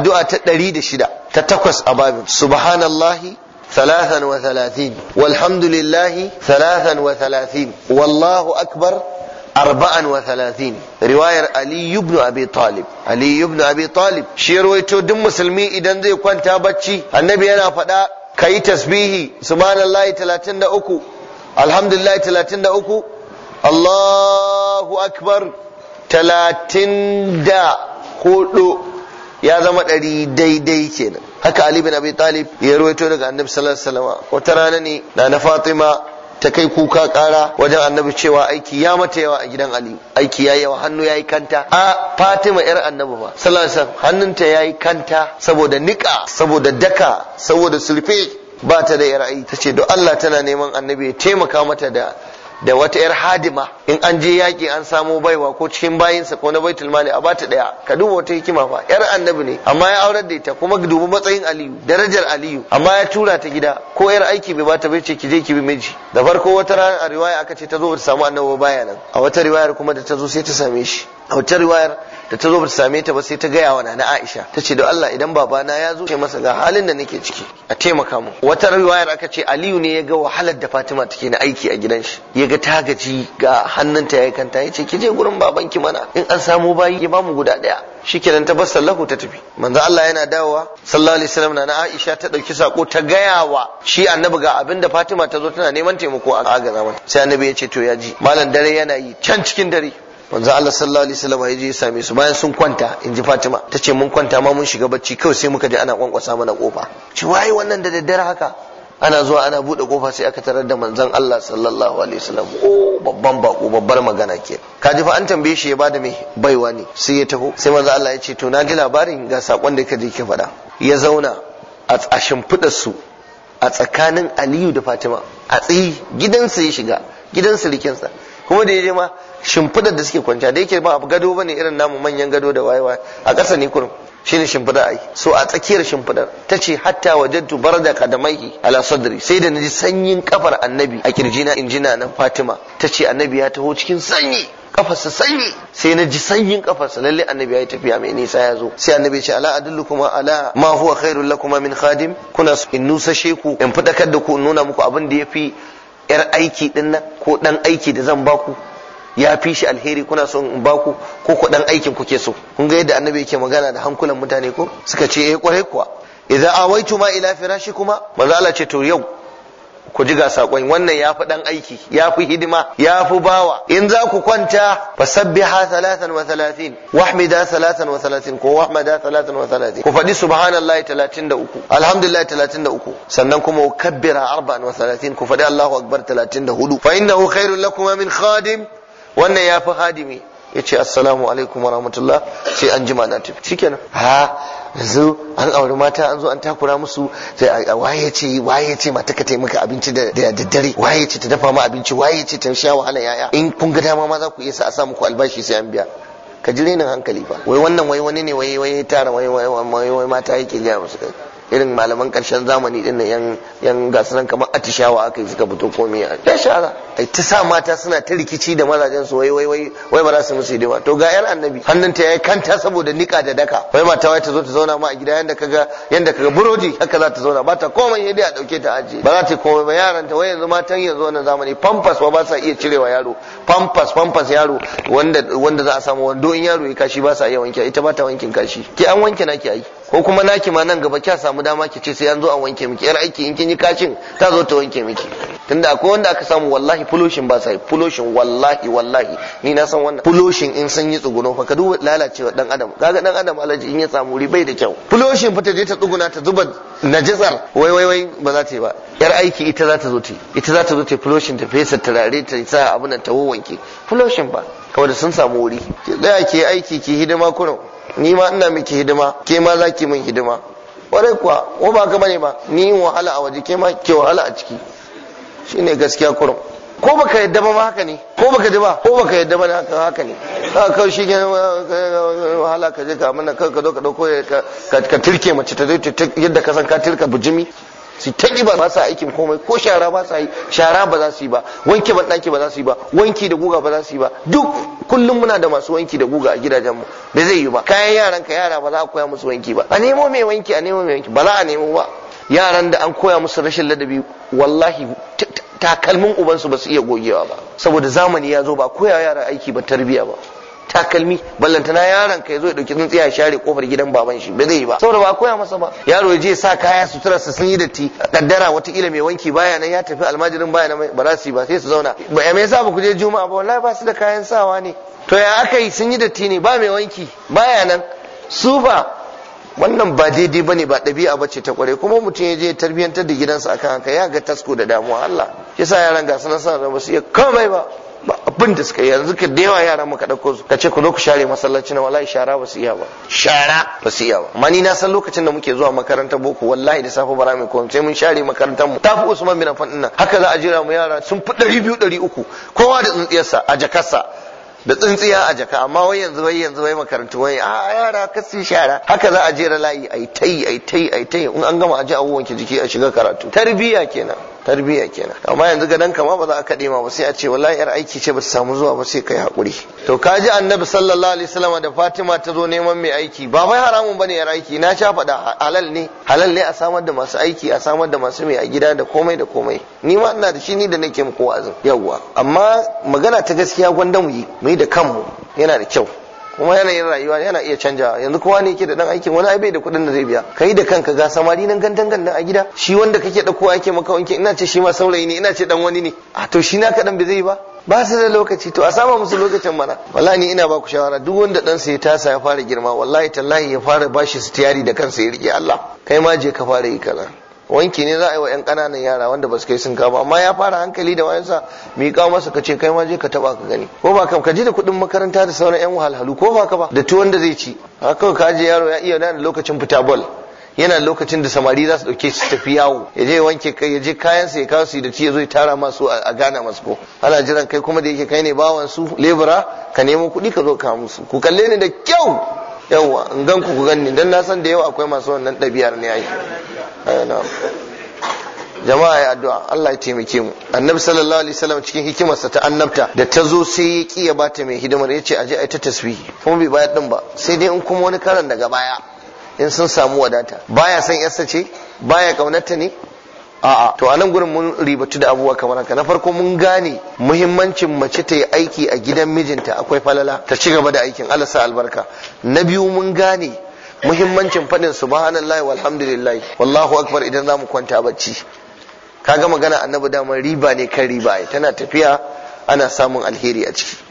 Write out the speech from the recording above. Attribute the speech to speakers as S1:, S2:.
S1: addu’a ta ɗari da shida ta takwas a babin subhanallahi thalathan wa thalathin walhamdulillahi thalathan wa thalathin wallahu akbar arba'an wa thalathin riwayar ali ibn abi talib ali ibn abi talib shi rawaito duk musulmi idan zai kwanta barci. annabi yana faɗa kai tasbihi subhanallahi 33 alhamdulillahi 33 allahu akbar 30 da hudu ya zama ɗari daidai kenan haka ali bin abi talib ya ruwaito daga annabi sallallahu alaihi wasallam wata rana ne na na fatima ta kai kuka kara wajen annabi cewa aiki ya mata yawa a gidan ali aiki ya yawa hannu ya yi kanta a fatima yar annabi ba sallallahu alaihi wasallam hannunta ya yi kanta saboda niƙa saboda daka saboda sulfe ba ta da yar aiki ta ce don allah tana neman annabi ya taimaka mata da da wata yar hadima in an je yaki an samo baiwa ko cikin bayinsa ko na baitul mali a bata daya ka duba wata hikima fa yar annabi ne amma ya aurar da ita kuma dubi matsayin aliyu darajar aliyu amma ya tura ta gida ko yar aiki bai bata bai ce ki je ki bi miji da farko wata rana a riwaya aka ce ta zo ta samu annabi baya nan a wata riwayar kuma da ta zo sai ta same shi a wata riwayar da ta zo ba ta same ta ba sai ta gaya wa nana Aisha ta ce da Allah idan babana ya zo ce masa ga halin da nake ciki a taimaka mu wata riwayar aka ce Aliyu ne ya ga wahalar da Fatima take na aiki a gidan shi ya ga ta gaji ga hannunta ya kanta ya ce ki je gurin babanki mana in an samu bayi ya bamu guda daya shikenan ta bar sallahu ta tafi manzo Allah yana dawowa sallallahu alaihi wasallam nana Aisha ta dauki sako ta gaya wa shi annabi ga abin da Fatima ta zo tana neman taimako a ga zaman sai annabi ya ce to ya ji malam dare yana yi can cikin dare manzo Allah sallallahu alaihi wasallam ya je ya same su bayan sun kwanta in ji Fatima ta ce mun kwanta ma mun shiga bacci kawai sai muka je ana kwankwasa mana kofa ce wai wannan da daddare haka ana zuwa ana bude kofa sai aka tarar da manzon Allah sallallahu alaihi wasallam oh babban bako babbar magana ke ji fa an tambaye shi ya bada me baiwa ne sai ya taho sai manzon Allah ya ce to na ji labarin ga sakon da kaje ke faɗa ya zauna a tsashin su a tsakanin Aliyu da Fatima a tsayi gidansa ya shiga gidansa rikinsa. kuma da ya yaje ma shimfidar da suke kwanciya da yake ba gado bane irin namu manyan gado da wayewa a ƙasa ne kurum shine shimfidar ai so a tsakiyar shimfidar ce hatta wajadtu barda qadamaihi ala sadri sai da naji sanyin kafar annabi a kirjina injina na Fatima ta ce annabi ya taho cikin sanyi kafarsa sanyi sai na ji sanyin kafarsa lalle annabi ya yi tafiya mai nisa ya zo sai annabi ya ce ala adullu kuma ala ma huwa khairul lakum min khadim kuna in nusashe ku in fadakar da ku in nuna muku abin da yafi yar aiki din nan ko dan aiki da zan baku ya fi shi alheri kuna son in baku ko ku dan aikin kuke so kun ga yadda annabi yake magana da hankulan mutane ko suka ce eh kwarai kuwa idza awaituma ila firashikuma manzo Allah ce to yau ku ji ga sakon wannan ya fi ɗan aiki ya fi hidima ya fi bawa in za ku kwanta sabbi ha salatan wa salatin wahmida salatan wa salatin ko wahmada salatan wa salatin ku faɗi subhanallahi talatin da uku. sannan kuma ku kabbira 34 ku faɗi allahu akbar 34 fa innahu khairul lakum min khadim wannan ya fi hadimi ya ce assalamu alaikum warahmatullah sai an jima na tafi shikenan ha yanzu an auri mata an zo an takura musu sai a waye ce waye ce mata ka taimaka abinci da daddare waye ce ta dafa ma abinci waye ce ta sha wahala yaya in kun ga dama ma za ku iya sa a sa muku albashi sai an biya ka ji renin hankali fa wai wannan wai wani ne wai wai tara wai wai mata yake gaya musu kai irin malaman karshen zamani din nan yan gasunan kamar atishawa aka yi suka fito komai ya shara ai ta sa mata suna ta rikici da mazajen su wai wai wai wai ba za su musu ba to ga yar annabi hannun ta yayi kanta saboda nika da daka wai mata wai ta zo ta zauna ma a gida yanda kaga yanda kaga burodi haka za ta zauna ba ta komai yadda a dauke ta aje ba za ta komai ba yaran ta wai yanzu matan yanzu wannan zamani pampas ba ba sa iya cirewa yaro pampas pampas yaro wanda wanda za a samu wando in yaro ya kashi ba sa iya wanke ita ba ta wankin kashi ki an wanke naki ai ko kuma naki ma nan gaba kya samu dama ki ce sai an zo an wanke miki yar aiki in kin yi kacin ta zo ta wanke miki tunda akwai wanda aka samu wallahi fuloshin ba sai fuloshin wallahi wallahi ni na san wannan fuloshin in sun yi tsuguno fa ka duba lalacewa dan adam kaga dan adam alaji in ya samu ribai da kyau fuloshin fa ta je ta tsuguna ta zuba najisar wai wai wai ba za ta yi ba yar aiki ita za ta zo ta ita za ta zo ta fuloshin ta fesa turare ta sa nan ta wanke fuloshin ba kawai da sun samu wuri ki tsaya ke aiki ki hidima kuno ni ma ina miki hidima ke ma za ki min hidima ƙwarai kuwa ko ba ka bane ba ni yin wahala a waje ke ma ke wahala a ciki shine gaskiya kurum ko baka yadda ba haka ne ko baka ji ba ko baka yadda ba haka ne ka ka shi ke wahala ka je ka mana ka zo ka dauko ka tirke mace ta yadda ka san ka tirka bujimi su ta ba ba sa komai ko shara ba sa yi shara ba za su yi ba wanke banɗaki ba za su yi ba wanki da guga ba za su yi ba duk kullum muna da masu wanki da guga a gidajenmu da zai yi ba kayan yaran ka yara ba za a koya musu wanki ba a nemo mai wanki a nemo mai wanki ba za a nemo ba yaran da an koya musu rashin ladabi wallahi takalmin ubansu ba su iya gogewa ba saboda zamani ya zo ba koya yara aiki ba tarbiyya ba takalmi ballantana yaron ka yazo ya dauki tsintsiya ya share kofar gidan baban shi ba zai yi ba saboda ba koya masa ba yaro je sa kaya sutura su sun yi datti kaddara wata ila mai wanki baya nan ya tafi almajirin baya nan ba za su yi ba sai su zauna ba mai sa ba ku je juma'a ba wallahi ba su da kayan sawa ne to ya aka yi sun yi datti ne ba mai wanki baya nan su ba wannan ba daidai bane ba ɗabi'a ba ce ta kware kuma mutum ya je tarbiyyantar da gidansa akan haka ya ga tasko da damuwa Allah yasa yaran ga sanan sanar ba su iya komai ba abin da suka yi yanzu ka da yawa yara muka ɗauko su ka ce ku zo ku share masallacin na wallahi shara ba su iya ba shara ba su iya ba mani na san lokacin da muke zuwa makaranta boko wallahi da safe bara mai komai sai mun share makarantar mu tafi Usman bin Affan dinnan haka za a jira mu yara sun fi 200 300 kowa da sa a jakarsa da tsintsiya a jaka amma wai yanzu wai yanzu wai makarantu wai a ah, yara ka su shara haka za a jera layi ai tai ai tai ai tai in an gama a ji a wanke jiki a shiga karatu tarbiya kenan tarbiyya kenan amma yanzu gadon kama ba za a kaɗe ma ba sai a ce wallahi yar aiki ce ba samu zuwa ba sai kai haƙuri to ka ji annabi sallallahu alaihi wasallam da fatima ta zo neman mai aiki ba bai haramun bane yar aiki na sha faɗa halal ne halal ne a samar da masu aiki a samar da masu mai a gida da komai da komai ni ma ina da shi ni da nake muku Yau yawwa amma magana ta gaskiya gwanda mu yi mu yi da kanmu yana da kyau kuma yanayin rayuwa yana iya canja yanzu kowa ne yake da dan aikin wani ai bai da kuɗin da zai biya kai da kanka ga samari nan gandan gandan a gida shi wanda kake kowa yake maka wanke ina ce shi ma saurayi ne ina ce dan wani ne a to shi naka dan bai zai ba ba su da lokaci to a sama musu lokacin mana wallahi ni ina ku shawara duk wanda dan sa ya tasa ya fara girma wallahi tallahi ya fara bashi sitiyari da kansa ya rike Allah kai ma je ka fara yi kaza wanki ne za a yi wa 'yan ƙananan yara wanda ba su kai sun ba amma ya fara hankali da wayansa mi kawo masa ka ce kai ma je ka taba ka gani ko ba kam ka ji da kuɗin makaranta da sauran 'yan wahalhalu ko ba ka ba da tuwon da zai ci haka ka je yaro ya iya da lokacin fita bol yana lokacin da samari za su dauke shi tafi yawo ya je wanke kai ya je kayan sa ya kawo su da ci ya zo ya tara masu a gana masu ko ana jiran kai kuma da yake kai ne bawan su lebura ka nemo kuɗi ka zo ka musu ku kalle ni da kyau yawa in ku ku ganni dan na san da yawa akwai masu wannan ɗabi'ar ne ai jama'a ya addu'a Allah ya taimake mu annabi sallallahu alaihi wasallam cikin hikimarsa ta annabta da ta zo sai ya ki ya bata mai hidimar yace aje ai ta tasbihi kuma bai bayar din ba sai dai in kuma wani karan daga baya in sun samu wadata baya san yarsa ce baya kaunarta ne a'a to a nan gurin mun ribatu da abubuwa kamar haka na farko mun gane muhimmancin mace ta yi aiki a gidan mijinta akwai falala ta ci gaba da aikin Allah sa albarka na biyu mun gane muhimmancin faɗin subhanallahi walhamdulillahi wallahu akbar idan zamu kwanta bacci kaga magana annabi dama riba ne kan riba tana tafiya ana samun alheri a ciki